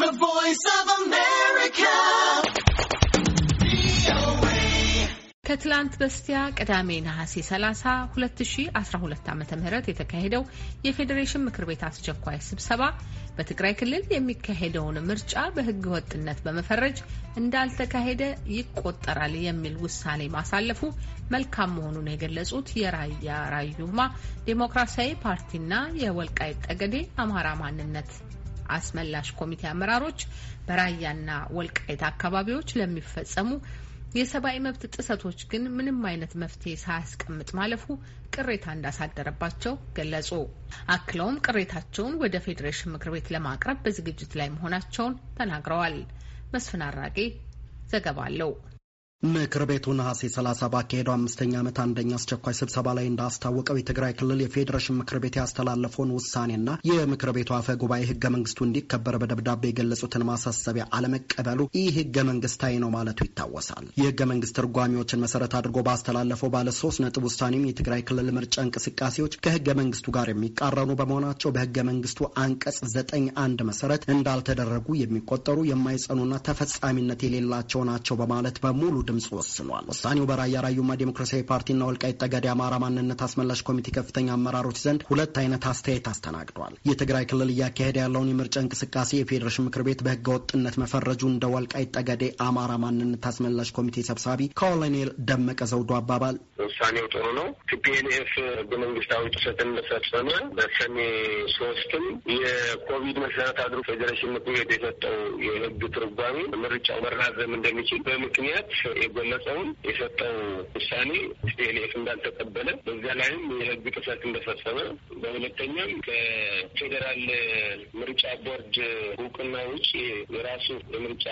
The Voice of America. ከትላንት በስቲያ ቅዳሜ ነሐሴ 30 2012 ዓ ም የተካሄደው የፌዴሬሽን ምክር ቤት አስቸኳይ ስብሰባ በትግራይ ክልል የሚካሄደውን ምርጫ በሕገ ወጥነት በመፈረጅ እንዳልተካሄደ ይቆጠራል የሚል ውሳኔ ማሳለፉ መልካም መሆኑን የገለጹት የራያ ራዩማ ዴሞክራሲያዊ ፓርቲና የወልቃይ ጠገዴ አማራ ማንነት አስመላሽ ኮሚቴ አመራሮች በራያና ወልቃይት አካባቢዎች ለሚፈጸሙ የሰብአዊ መብት ጥሰቶች ግን ምንም አይነት መፍትሄ ሳያስቀምጥ ማለፉ ቅሬታ እንዳሳደረባቸው ገለጹ። አክለውም ቅሬታቸውን ወደ ፌዴሬሽን ምክር ቤት ለማቅረብ በዝግጅት ላይ መሆናቸውን ተናግረዋል። መስፍን አራጌ ዘገባ አለው። ምክር ቤቱ ነሐሴ 30 ባካሄደው አምስተኛ ዓመት አንደኛ አስቸኳይ ስብሰባ ላይ እንዳስታወቀው የትግራይ ክልል የፌዴሬሽን ምክር ቤት ያስተላለፈውን ውሳኔና የምክር ቤቱ አፈ ጉባኤ ህገ መንግስቱ እንዲከበር በደብዳቤ የገለጹትን ማሳሰቢያ አለመቀበሉ ይህ ህገ መንግስታዊ ነው ማለቱ ይታወሳል። የህገ መንግስት ትርጓሚዎችን መሰረት አድርጎ ባስተላለፈው ባለ ሶስት ነጥብ ውሳኔም የትግራይ ክልል ምርጫ እንቅስቃሴዎች ከህገ መንግስቱ ጋር የሚቃረኑ በመሆናቸው በህገ መንግስቱ አንቀጽ ዘጠኝ አንድ መሰረት እንዳልተደረጉ የሚቆጠሩ የማይጸኑና ተፈጻሚነት የሌላቸው ናቸው በማለት በሙሉ ድምፅ ወስኗል። ውሳኔው በራያ ራዩማ ዴሞክራሲያዊ ፓርቲና ወልቃይት ጠገዴ አማራ ማንነት አስመላሽ ኮሚቴ ከፍተኛ አመራሮች ዘንድ ሁለት አይነት አስተያየት አስተናግዷል። የትግራይ ክልል እያካሄደ ያለውን የምርጫ እንቅስቃሴ የፌዴሬሽን ምክር ቤት በህገ ወጥነት መፈረጁ እንደ ወልቃይት ጠገዴ አማራ ማንነት አስመላሽ ኮሚቴ ሰብሳቢ ኮሎኔል ደመቀ ዘውዱ አባባል ውሳኔው ጥሩ ነው። ቲፒኤልኤፍ በመንግስታዊ ጥሰትን ፈጸመ። በሰኔ ሶስትም የኮቪድ መሰረት አድርጎ ፌዴሬሽን ምክር ቤት የሰጠው የህግ ትርጓሜ ምርጫው መራዘም እንደሚችል በምክንያት የገለጸውን የሰጠው ውሳኔ ቲፒኤልኤፍ እንዳልተቀበለ በዚያ ላይም የህግ ጥሰት እንደፈጸመ፣ በሁለተኛም ከፌዴራል ምርጫ ቦርድ እውቅና ውጭ የራሱ የምርጫ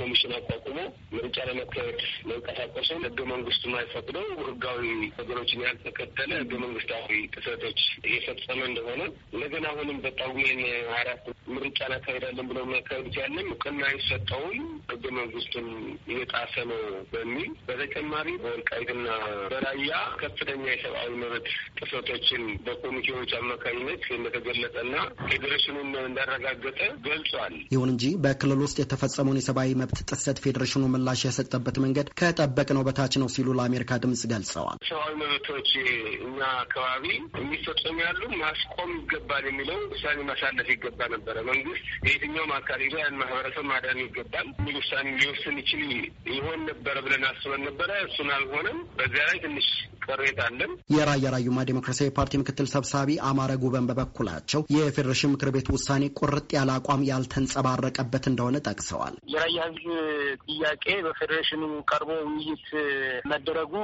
ኮሚሽን አቋቁሞ ምርጫ ለመካሄድ መንቀሳቀሱ ህገ መንግስቱ ማይፈቅደው ህጋዊ ነገሮችን ያልተከተለ ህገ መንግስታዊ ጥሰቶች እየፈጸመ እንደሆነ እንደገና አሁንም በጳጉሜን አራት ምርጫ አካሄዳለን ብለው የሚያካሄዱት ያለም እውቅና አይሰጠውም፣ ህገ መንግስቱን እየጣሰ ነው በሚል በተጨማሪ በወልቃይትና በራያ ከፍተኛ የሰብአዊ መብት ጥሰቶችን በኮሚቴዎች አማካኝነት እንደተገለጠና ፌዴሬሽኑን እንዳረጋገጠ ገልጿል። ይሁን እንጂ በክልል ውስጥ የተፈጸመውን የሰብአዊ መብት ጥሰት ፌዴሬሽኑ ምላሽ የሰጠበት መንገድ ከጠበቅነው በታች ነው ሲሉ ለአሜሪካ ድምጽ ገልጸዋል። ሰብአዊ መብቶች እኛ አካባቢ የሚፈጸሙ ያሉ ማስቆም ይገባል የሚለው ውሳኔ ማሳለፍ ይገባ ነበረ። መንግስት የትኛውም አካል ያን ማህበረሰብ ማዳን ይገባል የሚል ውሳኔ ሊወስን ይችል ይሆን ነበር ነበረ ብለን አስበን ነበረ። እሱን አልሆነም። በዚያ ላይ ትንሽ እየሰሩ የራ የራያ ራዩማ ዴሞክራሲያዊ ፓርቲ ምክትል ሰብሳቢ አማረ ጉበን በበኩላቸው የፌዴሬሽን ምክር ቤት ውሳኔ ቁርጥ ያለ አቋም ያልተንጸባረቀበት እንደሆነ ጠቅሰዋል። የራያ ህዝብ ጥያቄ በፌዴሬሽኑ ቀርቦ ውይይት መደረጉ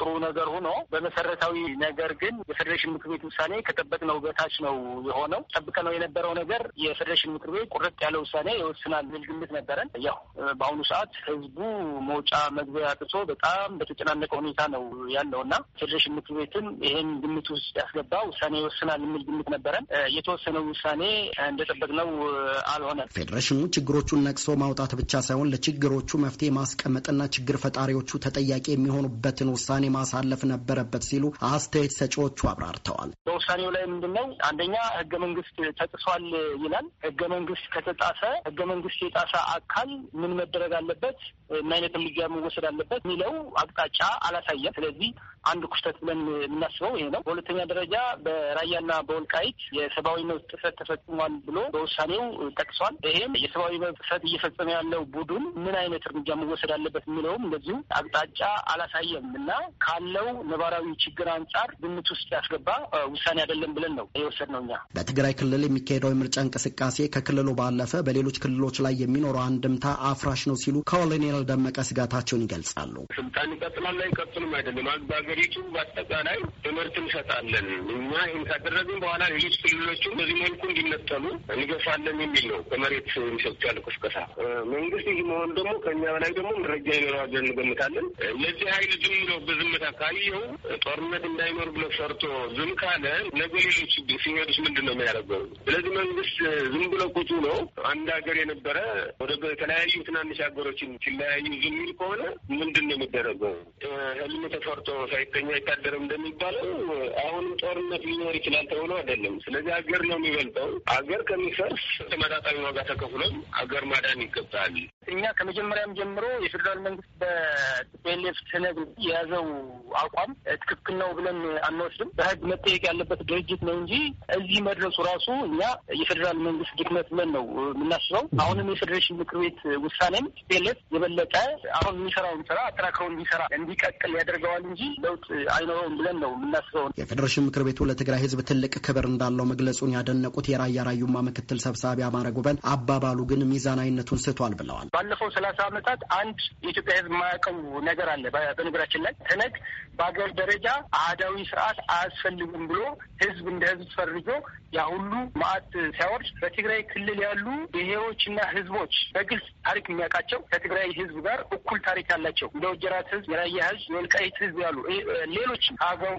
ጥሩ ነገር ሆኖ በመሰረታዊ ነገር ግን የፌዴሬሽን ምክር ቤት ውሳኔ ከጠበቅነው በታች ነው የሆነው። ጠብቀነው የነበረው ነገር የፌዴሬሽን ምክር ቤት ቁርጥ ያለ ውሳኔ ይወስናል የሚል ግምት ነበረን። ያው በአሁኑ ሰዓት ህዝቡ መውጫ መግቢያ አጥቶ በጣም በተጨናነቀ ሁኔታ ነው ያለው እና ፌዴሬሽን ምክር ቤትም ይህን ግምት ውስጥ ያስገባ ውሳኔ ይወስናል የሚል ግምት ነበረን። የተወሰነው ውሳኔ እንደጠበቅነው አልሆነም። ፌዴሬሽኑ ችግሮቹን ነቅሶ ማውጣት ብቻ ሳይሆን ለችግሮቹ መፍትሄ ማስቀመጥና ችግር ፈጣሪዎቹ ተጠያቂ የሚሆኑበትን ውሳኔ ማሳለፍ ነበረበት ሲሉ አስተያየት ሰጪዎቹ አብራርተዋል። በውሳኔው ላይ ምንድን ነው አንደኛ ህገ መንግስት ተጥሷል ይላል። ህገ መንግስት ከተጣሰ ህገ መንግስት የጣሰ አካል ምን መደረግ አለበት፣ ምን አይነት እርምጃ መወሰድ አለበት የሚለው አቅጣጫ አላሳየም። ስለዚህ አንድ ክስተት ብለን የምናስበው ይሄ ነው። በሁለተኛ ደረጃ በራያና በወልቃይት የሰብአዊ መብት ጥሰት ተፈጽሟል ብሎ በውሳኔው ጠቅሷል። ይሄም የሰብአዊ መብት ጥሰት እየፈጸመ ያለው ቡድን ምን አይነት እርምጃ መወሰድ አለበት የሚለውም እንደዚሁ አቅጣጫ አላሳየም እና ካለው ነባራዊ ችግር አንጻር ግምት ውስጥ ያስገባ ውሳኔ አይደለም ብለን ነው የወሰድነው እኛ። በትግራይ ክልል የሚካሄደው የምርጫ እንቅስቃሴ ከክልሉ ባለፈ በሌሎች ክልሎች ላይ የሚኖረው አንድምታ አፍራሽ ነው ሲሉ ኮሎኔል ደመቀ ስጋታቸውን ይገልጻሉ። ስልጣን ይቀጥላል አይቀጥልም አይደለም አግባቢ ለሀገሪቱ በአጠቃላይ ትምህርት እንሰጣለን እኛ ይህን ካደረግን በኋላ ሌሎች ክልሎችም በዚህ መልኩ እንዲነጠሉ እንገፋለን የሚል ነው። ከመሬት የሚሰጡ ያለ ቅስቀሳ መንግስት ይህ መሆን ደግሞ ከእኛ በላይ ደግሞ መረጃ ይኖረዋል ብለን እንገምታለን። ለዚህ ሀይል ዝም ብሎ በዝምታ ካየው ጦርነት እንዳይኖር ብለው ሰርቶ ዝም ካለ ነገ ሌሎች ሲሄዱስ ምንድን ነው የሚያደርገው? ስለዚህ መንግስት ዝም ብለው ቁጭ ብሎ አንድ ሀገር የነበረ ወደ የተለያዩ ትናንሽ ሀገሮችን ሲለያዩ ዝም ይል ከሆነ ምንድን ነው የሚደረገው? ህልም ተፈርጦ ሳይተኛ አይታደርም እንደሚባለው አሁንም ጦርነት ሊኖር ይችላል ተብሎ አይደለም። ስለዚህ ሀገር ነው የሚበልጠው። ሀገር ከሚፈርስ ተመጣጣሚ ዋጋ ተከፍሎም ሀገር ማዳን ይገባል። እኛ ከመጀመሪያም ጀምሮ የፌዴራል መንግስት በቲፒኤልኤፍ ትነግ የያዘው አቋም ትክክል ነው ብለን አንወስድም። በህግ መጠየቅ ያለበት ድርጅት ነው እንጂ እዚህ መድረሱ ራሱ እኛ የፌዴራል መንግስት ድክመት ብለን ነው የምናስበው። አሁንም የፌዴሬሽን ምክር ቤት ውሳኔም ቲፒኤልኤፍ የበለጠ አሁን የሚሰራውን ስራ አጠናክሮ እንዲሰራ እንዲቀጥል ያደርገዋል እንጂ ለውጥ አይኖረውም ብለን ነው የምናስበው። የፌዴሬሽን ምክር ቤቱ ለትግራይ ህዝብ ትልቅ ክብር እንዳለው መግለጹን ያደነቁት የራያ ራዩማ ምክትል ሰብሳቢ አማረ ጉበን አባባሉ ግን ሚዛናዊነቱን ስቷል ብለዋል። ባለፈው ሰላሳ ዓመታት አንድ የኢትዮጵያ ህዝብ የማያውቀው ነገር አለ። በንግራችን ላይ ተነግ በአገር ደረጃ አህዳዊ ስርዓት አያስፈልግም ብሎ ህዝብ እንደ ህዝብ ፈርጆ ያ ሁሉ ማዕት ሲያወርድ በትግራይ ክልል ያሉ ብሔሮችና ህዝቦች በግልጽ ታሪክ የሚያውቃቸው ከትግራይ ህዝብ ጋር እኩል ታሪክ ያላቸው እንደ ወጀራት ህዝብ፣ የራያ ህዝብ፣ የወልቃይት ህዝብ ያሉ ሌሎች ሀገሩ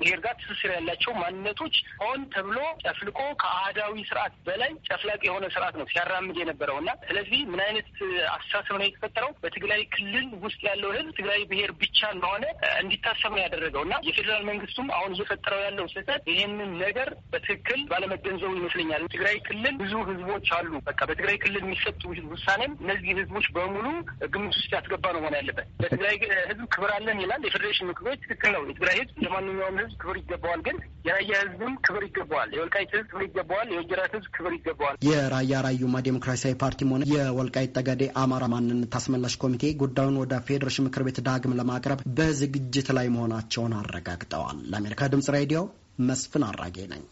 ብሔር ጋር ትስስር ያላቸው ማንነቶች ሆን ተብሎ ጨፍልቆ ከአህዳዊ ስርዓት በላይ ጨፍላቅ የሆነ ስርዓት ነው ሲያራምድ የነበረው እና ስለዚህ ምን አይነት አስተሳሰብ ነው የተፈጠረው? በትግራይ ክልል ውስጥ ያለው ህዝብ ትግራይ ብሔር ብቻ እንደሆነ እንዲታሰብ ነው ያደረገው እና የፌዴራል መንግስቱም አሁን እየፈጠረው ያለው ስህተት ይህንን ነገር በትክክል ባለመገንዘቡ ይመስለኛል። ትግራይ ክልል ብዙ ህዝቦች አሉ። በቃ በትግራይ ክልል የሚሰጡ ውሳኔም እነዚህ ህዝቦች በሙሉ ግምት ውስጥ ያስገባ ነው መሆን ያለበት። በትግራይ ህዝብ ክብር አለን ይላል የፌዴሬሽን ምክር ትክክል ነው። የትግራይ ህዝብ ለማንኛውም ህዝብ ክብር ይገባዋል። ግን የራያ ህዝብም ክብር ይገባዋል። የወልቃይት ህዝብ ክብር ይገባዋል። የወጀራት ህዝብ ክብር ይገባዋል። የራያ ራዩማ ዴሞክራሲያዊ ፓርቲም ሆነ የወልቃይት ጠገዴ አማራ ማንነት አስመላሽ ኮሚቴ ጉዳዩን ወደ ፌዴሬሽን ምክር ቤት ዳግም ለማቅረብ በዝግጅት ላይ መሆናቸውን አረጋግጠዋል። ለአሜሪካ ድምጽ ሬዲዮ መስፍን አራጌ ነኝ።